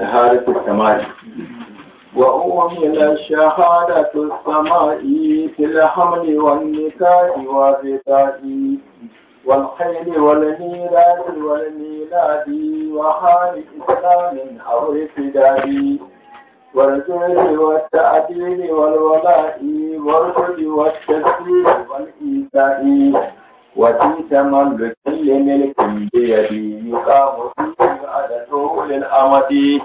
شهادة السماء وأؤمن شهادة السماء في الحمل والنكاح والرقاء والخيل والميلاد والميلاد وحال إسلام أو ارتداد والجهل والتعديل والولاء والرشد والتسليم والإيتاء وفي تملك لملك بيدي يقام فيه سعادة للأمد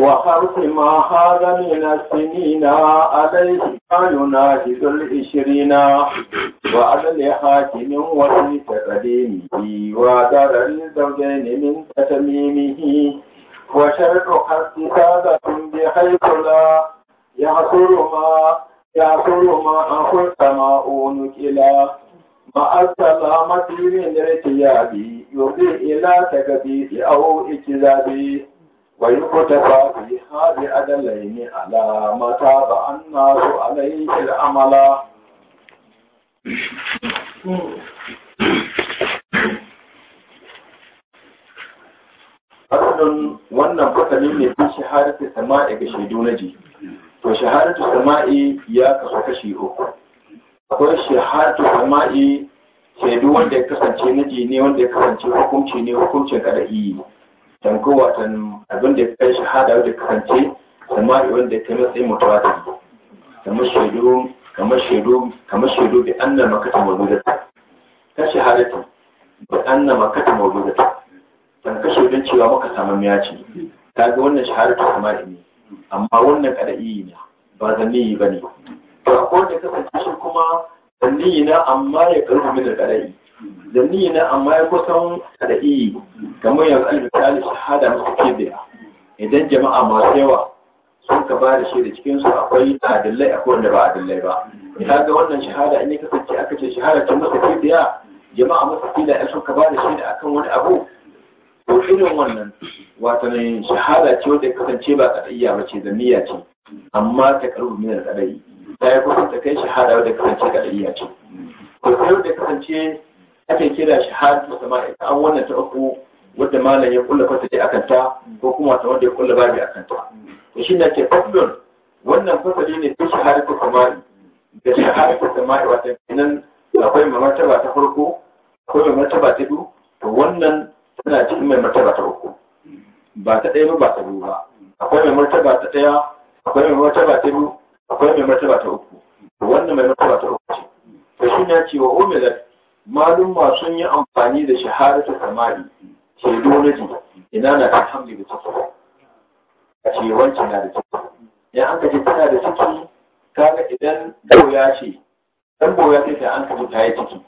وخرق ما هذا من السنين عليه أليس يناهز العشرين وعلى لحاكم وفي تقديمه ودار للزوجين من تتميمه وشرط حق هذا بحيث لا يعصر ما يعصر ما أخذ ما أونك إلى ma'ar salama tirin da rake yabi yobe ila ta gabi fi awo iki zabi wa yi kuta fa fi hadi adalaini ala mata ba an nasu alayhi amala Asalin wannan fasalin ne fi shaharatu sama'i ga shaidu na ji. To shaharatu sama'i ya kasu kashi uku. akwai shahatu yi shaidu wanda ya kasance naji ne wanda ya kasance hukunci ne hukuncin kada'i tanko watan abin da ya kai shahada wanda ya kasance yi wanda ya kai matsayin mutuwa da kamar shaidu kamar shaidu kamar shaidu bi anna makata mawdudata ta shahadatu bi anna makata mawdudata dan ka shaidun cewa muka samun miya ce kaga wannan shahadatu sama'i ne amma wannan kada'i ne ba zan ba bane ko da kasance shi kuma zanni na amma ya karu min kadai zanni na amma ya kusan kadai kamar yanzu alƙali shahada musu ke biya idan jama'a masu yawa sun ka ba da shaida cikin su akwai adillai akwai wanda ba adillai ba ka ga wannan shahada in ya kasance aka ce shahada ta masa ke biya jama'a masu kila in sun ka ba da shaida akan wani abu ko irin wannan wato ne shahada ce wanda kasance ba kadaiya ba ce zanniya ce amma ta karu min kadai ta yi ta kai shahada wadda kasance ga aliyya ce to sai da kasance ake kira shahadu sama ita an wannan ta uku wadda malam ya kulla fata ce akan ta ko kuma ta wanda ya kulla babi akan ta to shi ne ke fasulun wannan fasali ne ta shahadatu sama'i da shahadatu sama'i wata kenan akwai mai martaba ta farko akwai mai martaba ta biyu to wannan tana cikin mai martaba ta uku ba ta ɗaya ba ba ta biyu ba akwai mai martaba ta ɗaya akwai mai martaba ta biyu akwai mai martaba ta uku wannan mai martaba ta uku to shi na cewa umilat ma sun yi amfani da shahadatu kamari ce ji ina na ta hamdi da ciki a ce wancan na da ciki ya an ji tana da ciki kaga idan goya ce dan boya ce sai an kaje ta yi ciki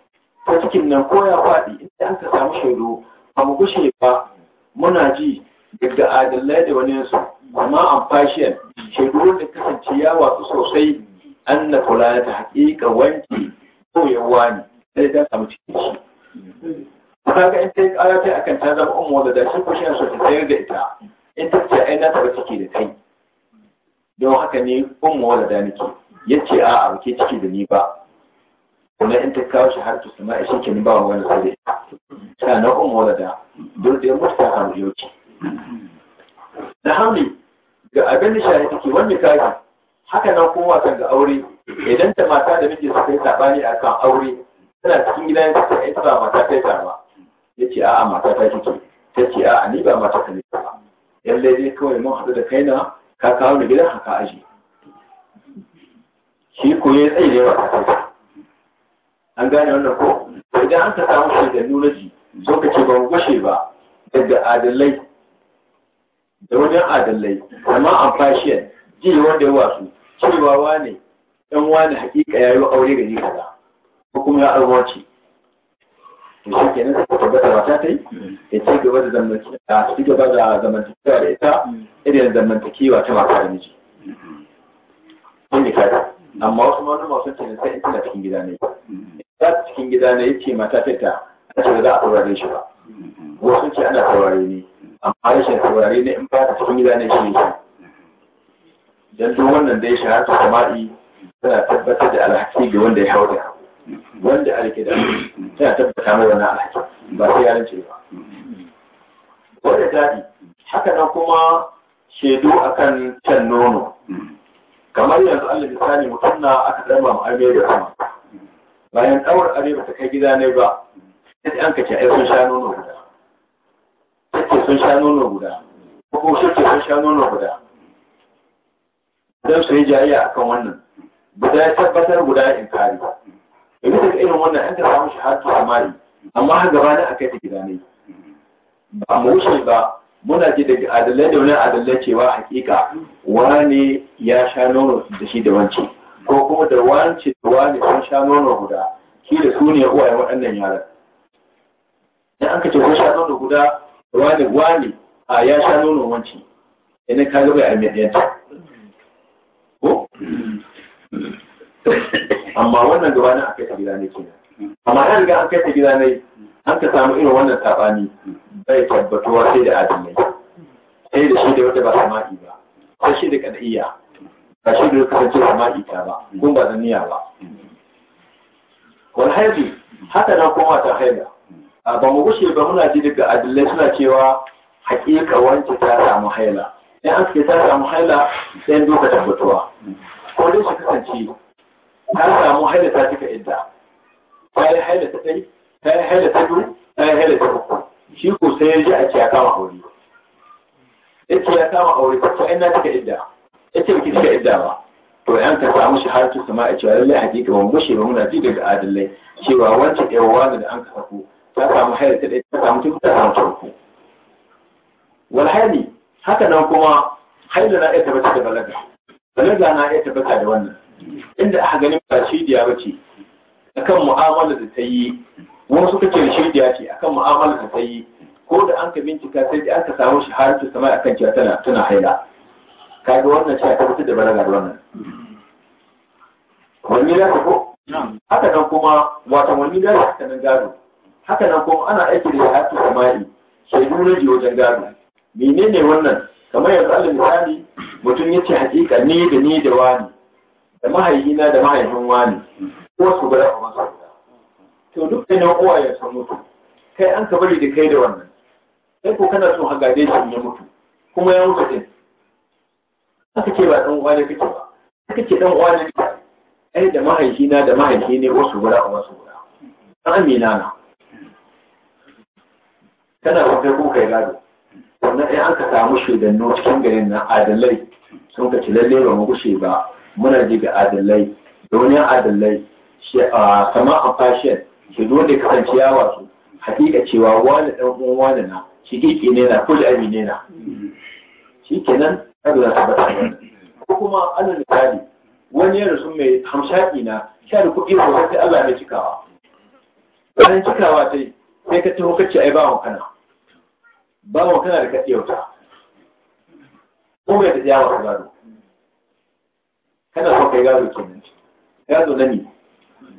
ta cikin nan ko ya faɗi idan an ka samu shaidu ba mu gushe ba muna ji daga adalai da wani yasu amma a fashiyar shekaru da kasance ya watsu sosai an na kula da haƙiƙa wanki ko yawa ne sai ta samu cikin shi ga in ta yi ƙara ta akan ta zama umma da shi ko shi sosai ta sayar da ita in ta ce ai na taɓa ciki da kai don haka ne umma da nake ya ce a'a ba ke ciki da ni ba kuma in ta kawo shi har tusuma shi ke ba wani sai dai sannan umma da dole da ya mutu ta samu yauci da hannu ga abin da shari'a take wani kaji haka nan kuma kan ga aure idan ta mata da miji suka yi sabani akan aure tana cikin gida ta ce ta ba mata kai ta ba ce a'a mata ta kike ce a'a ni ba mata kai ta ba yan laifi kawai mun haɗu da kaina ka kawo ni gidan haka aji shi ko ya tsaye da yawa ta kai an gane wannan ko idan an ta samu da nuna ji zo ka ce ba mu gushe ba daga adalai da wajen adalai da ma amfashiyan ji wanda ya wasu cewa wane dan wane hakika ya yi aure gari kaza ko kuma ya alwace to shi kenan sai ta tabbata mata ta yi ya ci gaba da zamantakewa ci gaba da zamantakewa da ita irin zamantakewa ta mata da miji wanda ka ta amma wasu manu masu ce sai in tana cikin gida ne ta cikin gida ne ce mata ta ta ce ba za a saurare shi ba wasu ce ana saurare ni amma rashin saurare ne in ba ta cikin gida ne shi dan duk wannan dai ta sama'i tana tabbatar da alhaki ga wanda ya hauta wanda alke da tana tabbata mai wannan alhaki ba sai yaran ce ba ko da dadi haka nan kuma shaidu akan can nono kamar yanzu Allah misali mutum na aka dama mu arme da kuma bayan ɗaurar arewa ta kai gida ne ba sai an kace ai sun sha nono sun sha nono guda ko kuma sun ce sun sha nono guda don su yi jayayya akan wannan guda ya tabbatar guda ya inkari yanzu daga irin wannan an ta samu a mari. amma har gaba na yi ta gida ne ba mu wuce ba muna ji daga adalai da wani adalai cewa hakika wani ya sha nono da shi da wance ko kuma da wance da wani sun sha nono guda shi da su ne uwaye waɗannan yaran Ya an ka ce sun sha nono guda wani wani a ya sha nonon wanci ina ka ga bai amiyanta ko amma wannan gaba na aka kabila ne kenan amma an riga aka kai ta gida ne an ka samu irin wannan sabani bai tabbatuwa sai da adalai sai da shi da wata ba sama'i ba sai shi da kadaiya ba shi da kasance sama'i ta ba gumba ba da niyya ba wal haidu haka na kuma ta haida a ba mu gushe ba muna ji daga adillai suna cewa hakika wance ta samu haila in an suke ta samu haila sai doka tabbatuwa ko dai shi kasance ta samu haila ta cika idda ta yi haila ta ɗai ta yi haila ta biyu ta yi haila ta uku shi ko sai ya ji a ce ya kama aure ya ce ya kama aure ta ce ina cika idda ya ce baki cika idda ba to yan ka samu shaharatu sama a cewa lallai hakika mu gushe ba muna ji daga adillai cewa wancan yawa da an ka sako ta samu haila ta ɗaya ta samu ta ta samu farko wal haka nan kuma haila na iya tabbata da balaga balaga na iya tabbata da wannan inda aka ganin ba shidiya ba ce akan mu'amala da ta yi wani suka ce shidiya ce akan mu'amala da ta yi ko da an ka bincika sai da aka samu shi har ta sama kan cewa tana tana haila ga wannan shi a tabbata da balaga da wannan wani ya ko haka nan kuma wata wani ya haka nan gado haka nan kuma ana aiki da hayatu samari. shaidu na ji wajen gado menene wannan kamar yanzu alal misali mutum ya ce hakika ni da ni da wani da mahaihina da mahaifin wani ko su gara kuma su to duk da nan ya san mutu kai an ka bari da kai da wannan sai ko kana son hagade shi ya mutu kuma ya mutu din aka ce ba dan wani kake ba aka ce dan wani ne ai da mahaifina da mahaifi ne ko su gara kuma su gara amina na tana wata kuka kai gado wannan in aka samu shugabannin cikin garin nan adalai sun ka ci lalle ba mu gushe ba muna ji ga adalai da wani adalai sama a fashiyan shi dole kasance ya wasu hakika cewa wani dan uwan wani na shi kike ne na kul abi ne na shi kenan kada za ta bata ko kuma alal misali wani yana sun mai hamshaki na sha da kuɗi ko sai Allah ya cikawa bayan cikawa sai sai ka taho kace ai ba mu kana bawan kana da kaɗe yauta. ko mai da jawo ka gado kana so kai gado nan gado na ni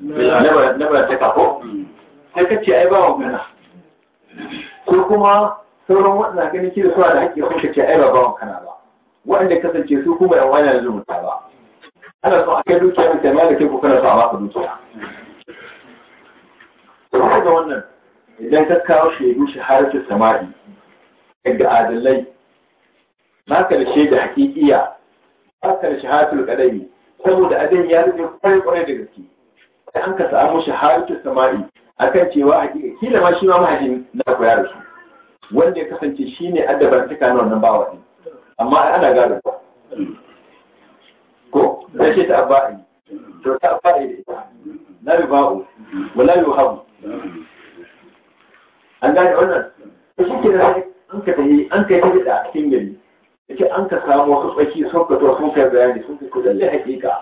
na ba ta kafo sai ka ce ai bawan kana ko kuma sauran waɗanda ganin ke da suwa da haƙƙi sun ka ce ai ba bawan kana ba waɗanda kasance su kuma yan wani da zumunta ba ana so a kai dukiya mai tamiya da ke ko kana so a ka dukiya Sai ga wannan idan ka kawo shaidu shaharatu sama'i. ga adalai na karshe da hakikiya na karshe hatul kadari saboda adin ya rufe kwarai kwarai da gaske sai an ka samu shahadatu sama'i akan cewa hakika da ma shi ma mahajin na koya da su wanda ya kasance shi ne addabar tuka na wannan bawa ne amma ana gado ba ko zai ce ta abba'i to ta abba'i da ita na yubau wala yuhabu an gane wannan shi ke da an ka tafi an ka da cikin gari yake an ka samu wasu tsaki sun ka to sun ka bayani sun kai lalle hakika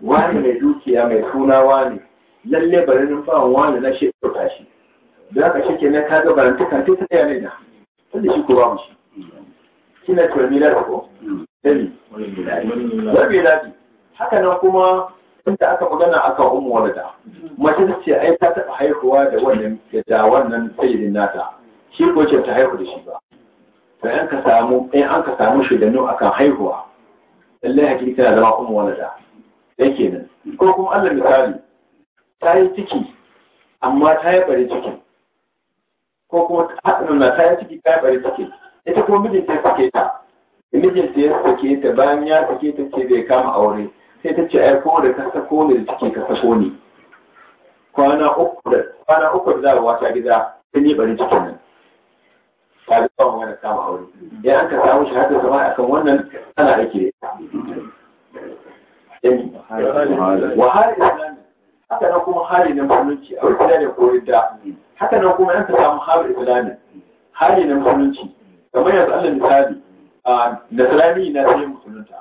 wani mai dukiya mai suna wani lalle bari numfawan wani na shi ta shi da ka shike ka kaga baranta kan ta tsaya ne da tunda shi ko ba mu shi kina turmila ko dani wani ladi haka nan kuma inda aka magana akan wani da. mace ce ai ta taba haihuwa da wannan da wannan sayyidin nata shi ko ce ta haihu da shi ba to in ka samu in an ka samu shidanu akan haihuwa lallai hakiki tana zama kuma wani da ke nan ko kuma Allah misali ta yi ciki amma ta yi bari ciki ko kuma na ta yi ciki ta yi bari ciki ita kuma mijinta ya sake ta mijinta ya sake ta bayan ya sake ta ce bai kama aure sai ta ce ai ko da ka sako da ciki ka sako kwana uku da kwana uku da gida sun yi bari cikin nan ka ga tsawon wani samu aure idan an ka samu shahadar zama a kan wannan ana aiki wa hali islami haka nan kuma hali na musulunci a wurin da ko ridda haka nan kuma an ka samu hali islami hali na musulunci kamar yanzu Allah misali nasirani na ta yi musulunta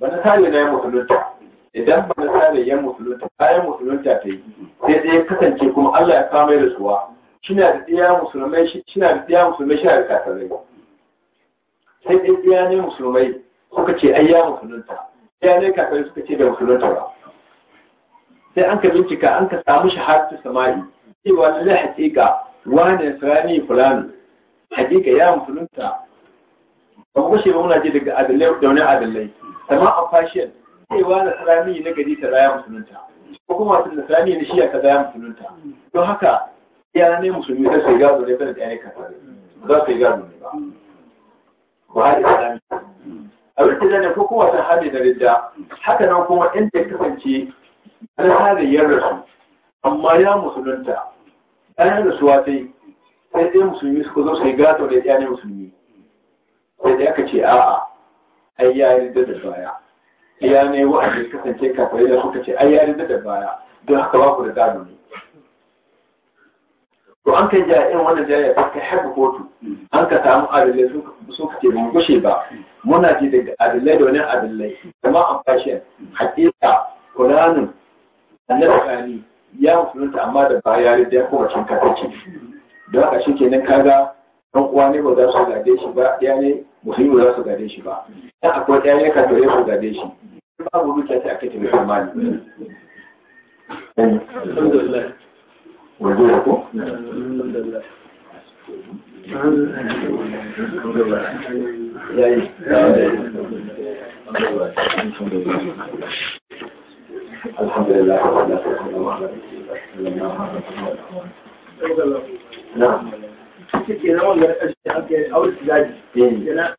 ba nasari na yi musulunta idan ba nasari ya musulunta bayan musulunta ta yi sai dai kasance kuma Allah ya kama da suwa kina da ɗiya musulmai kina da ɗiya musulmai kina da kafirai sai dai ɗiya ne musulmai suka ce ai ya musulunta ɗiya ne kafirai suka ce da musulunta ba sai an ka bincika an ka samu shahadatu sama'i cewa lallai hakika wane sirani fulani Haƙiƙa ya musulunta ba mu ba muna ji daga adalai da wani adalai sama a fashiyan cewa na sirani na gari ta ya musulunta ko kuma wasu na sirani na shiya kaza ya musulunta don haka ya ne musulmi ta sai gado ne kada ɗaya kasa za su yi gado ne ba ba da islami abin da ne ko kuma sun hali na ridda haka nan kuma inda ya kasance na hali ya rasu amma ya musulunta ɗayan rasuwa sai sai ɗaya musulmi suka zo sai yi gado da ɗaya ne musulmi sai da aka ce a'a ai ya yi da baya ya ne wa'anda kasance kafirai da suka ce ai ya yi da baya don haka ba ku da gado ne to an kai jaya irin wanda jaya ta kai haka kotu an ka samu adalai sun ka ce mun gushe ba muna ji daga adalai da wani adalai kuma an fashin hakika kuranin annabi kani ya musulunta amma da baya da ya kuma cin katace don haka shi kenan kaga ɗan uwa ne ba za su gade shi ba ya ne musulmi ba za su gade shi ba dan akwai ɗaya ne ka tore su gade shi babu dukiya ta aka tafi zamani waje ko yayi alhamdulillah na'am ita ke nan wannan ƙarshe aka yi aure daji yana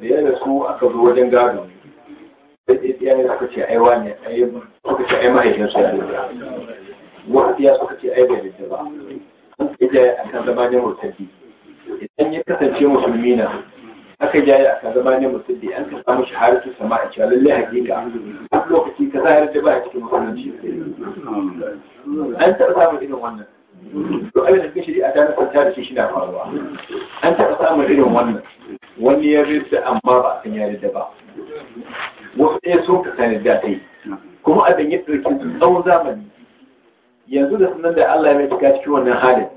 da yana su aka zo wajen gado sai ya aka ce ai wani ai suka ce ai mahaifin su yare wasu ya suka ce ai bai da ba an kai jaye a kan zama ne murtaddi idan ya kasance musulmi na aka jaye a kan zama ne murtaddi an ka samu shaharatu sama a cewa lallai hakika a lokaci ka zahar da ba a cikin musulunci an taɓa samun irin wannan to abin da shari'a ta nasanta da shi shi na faruwa an taɓa samun irin wannan wani ya rinsa amma ba a san ya rinsa ba wasu ɗaya so ka sani da ta yi kuma a ya ɗauki su tsawon zamani yanzu da sunan da Allah ya mai shiga cikin wannan halin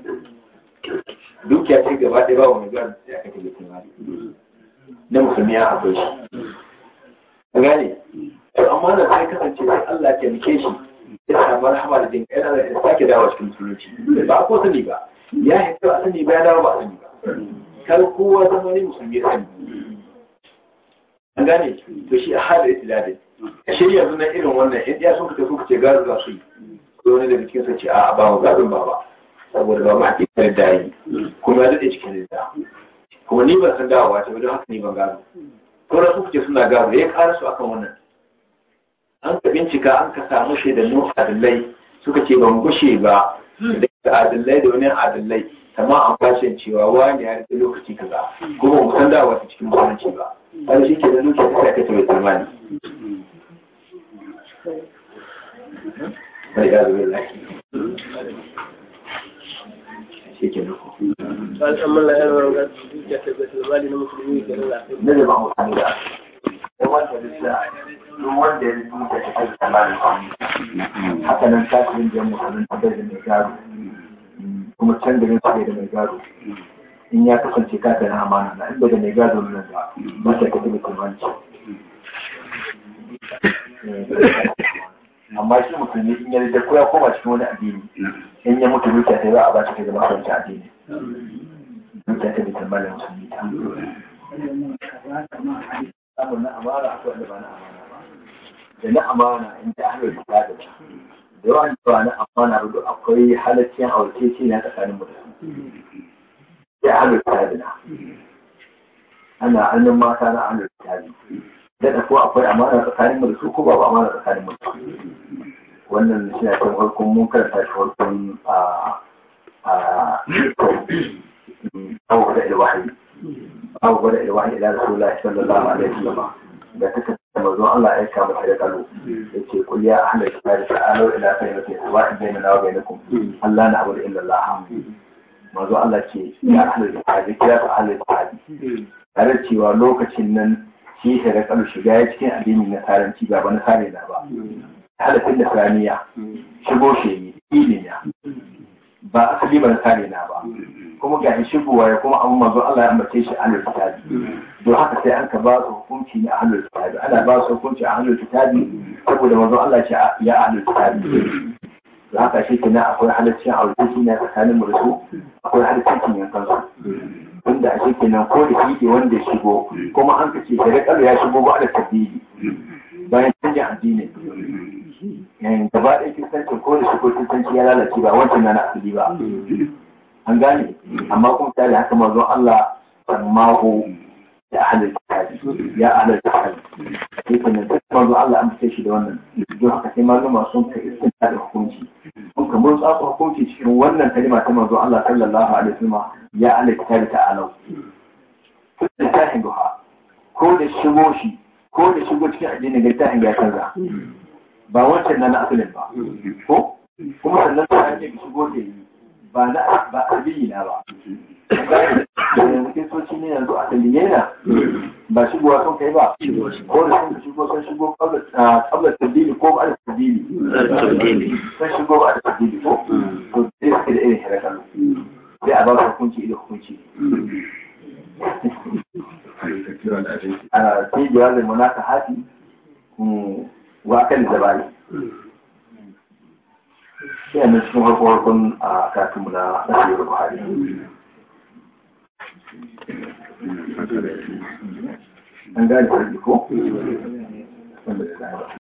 dukiya ce gaba ɗaya ba wani gani da aka tafi kuma na musulmi ya akwai shi an gane to amma da sai kasance sai Allah ya taimake shi ya samu rahama da jin kai da ya sake dawo cikin musulunci ba a ko sani ba ya hito a sani ba ya dawo ba a sani ba Kar kowa san wani musulmi sani an gane to shi a hada itilali shi yanzu na irin wannan yadda ya sun fita suka ce gado za su yi ko wani da bikin sa ce a ba mu gadon ba ba saboda ba ma a da yi kuma ya daɗe cikin da kuma ni ban san dawowa ta ba don haka ni ban gado ko na suka suna gado ya ƙara su akan wannan an ka bincika an ka samu shaidannu adillai suka ce ban gushe ba da adillai da wani adillai kama a fashin cewa wani ya rufe lokaci kaza kuma mu san dawa cikin mutunci ba har shi ke da lokaci ta kake mai tsammani ya ga zuwa shi ke nuku an mun la'ayar ta na musulmi ke nan ne ba mu da wanda wanda ya ta kai tsammani haka nan da abin da mai kuma can garin su da mai gado in ya kasance ka da amana na inda da mai gado nan ba ba ta kuma da kumanci amma shi musulmi in ya da koya koma cikin wani addini in ya mutu dukiya ta za a ba shi ta zama kwanci addini dukiya ta bitan malam yi ta na da ba na amana in ta da ta da yawan cewa na amfana rudu akwai aure aurkeci na tsakanin mutane ya halitta da na ana annan mata na halitta da da da ko akwai amana tsakanin mu da su ko babu amana tsakanin mu wannan shi ne kan farkon mun karanta shi farkon a a abubuwa da ilwahi Abubuwa da ilwahi ila rasulullahi sallallahu alaihi wasallam da take manzo Allah ya aika masa da kalo yace kul ya ahlal kitab ta'alu ila kalimatin sawa'in bainana wa bainakum Allah na abudu illa Allah manzo Allah ce ya ahlal kitab ya ta ahlal kitab tare cewa lokacin nan shi ya da kalo shiga ya cikin addini na taranci ba ba na sare na ba halafin da saniya shigo shi ne ba asali ba na sare na ba kuma ga shi shigowa ya kuma abu manzo Allah ya ambace shi ahlul kitabi don haka sai an ka ba su hukunci ne ahlul kitabi ana ba su hukunci a ahlul kitabi saboda manzo Allah ya ya ahlul kitabi don haka shi kenan akwai halaccin aure na tsakanin mu da su akwai halaccin yankan su wanda a kenan ko da shi wanda ya shigo kuma an ka kace da kalu ya shigo ba da tabbidi bayan canjin addini gaba ɗaya kisanci ko da shigo kisanci ya lalace ba wancan na na asali ba an gane amma kuma tare haka manzon Allah sallallahu da ahlul kitabi ya ahlul kitabi sai kan nan manzon Allah an fice shi da wannan don haka sai maluma sun ka istinta da hukunci sun ka mun tsatsa hukunci cikin wannan kalima ta manzon Allah sallallahu alaihi wasallam ya ahlul kitabi ta'ala da ta duha ko da shigo shi ko da shigo cikin addinin da tahin ya canza ba wancan nan asalin ba ko kuma sannan ta hanyar shigo da yi ba na ba aliyu na ba yanzu kai kristoci ne yanzu a na ba shigowa sun kai ba ko da sun shigo sun shigo kabla tabdili ko ba da tabdili sun shigo ba da tabdili ko to sai suke da irin halakalu sai a ba su hukunci da hukunci a sai jawabin munaka hati mm, wa kan zabari And this yana cikin farko a katinmu na nasarar buhari an gane ko